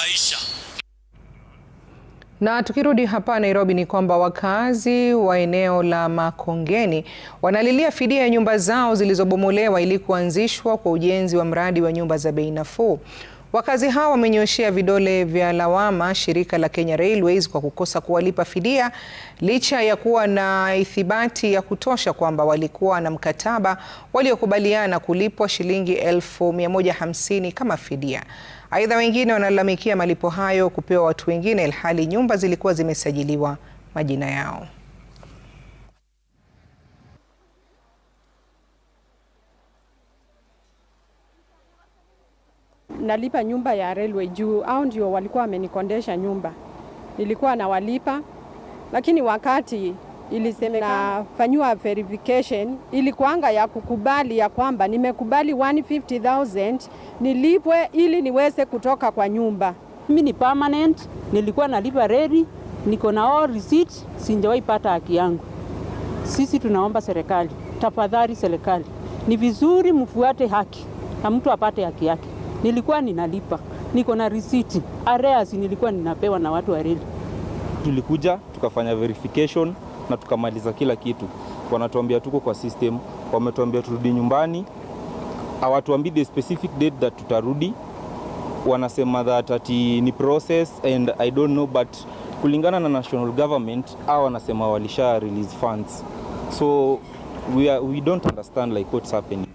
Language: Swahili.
maisha. Na tukirudi hapa Nairobi ni kwamba wakazi wa eneo la Makongeni wanalilia fidia ya nyumba zao zilizobomolewa ili kuanzishwa kwa ujenzi wa mradi wa nyumba za bei nafuu. Wakazi hao wamenyoshea vidole vya lawama shirika la Kenya Railways kwa kukosa kuwalipa fidia licha ya kuwa na ithibati ya kutosha kwamba walikuwa na mkataba waliokubaliana kulipwa shilingi elfu 150 kama fidia. Aidha, wengine wanalalamikia malipo hayo kupewa watu wengine ilhali nyumba zilikuwa zimesajiliwa majina yao. nalipa nyumba ya railway juu au ndio walikuwa wamenikondesha nyumba, nilikuwa nawalipa, lakini wakati ilisemekana fanyiwa verification ilikuanga ya kukubali ya kwamba nimekubali 150,000 nilipwe ili niweze kutoka kwa nyumba. Mimi ni permanent, nilikuwa nalipa redi, niko na all receipt, sijawahi pata haki yangu. Sisi tunaomba serikali, tafadhali serikali, ni vizuri mfuate haki na mtu apate haki yake nilikuwa ninalipa, niko na risiti. areas nilikuwa ninapewa na watu wa reli. Tulikuja tukafanya verification na tukamaliza kila kitu. Wanatuambia tuko kwa system, wametuambia turudi nyumbani, hawatuambii the specific date that tutarudi. Wanasema that ati ni process and I don't know but kulingana na national government au wanasema walisha release funds so we, are, we don't understand like what's happening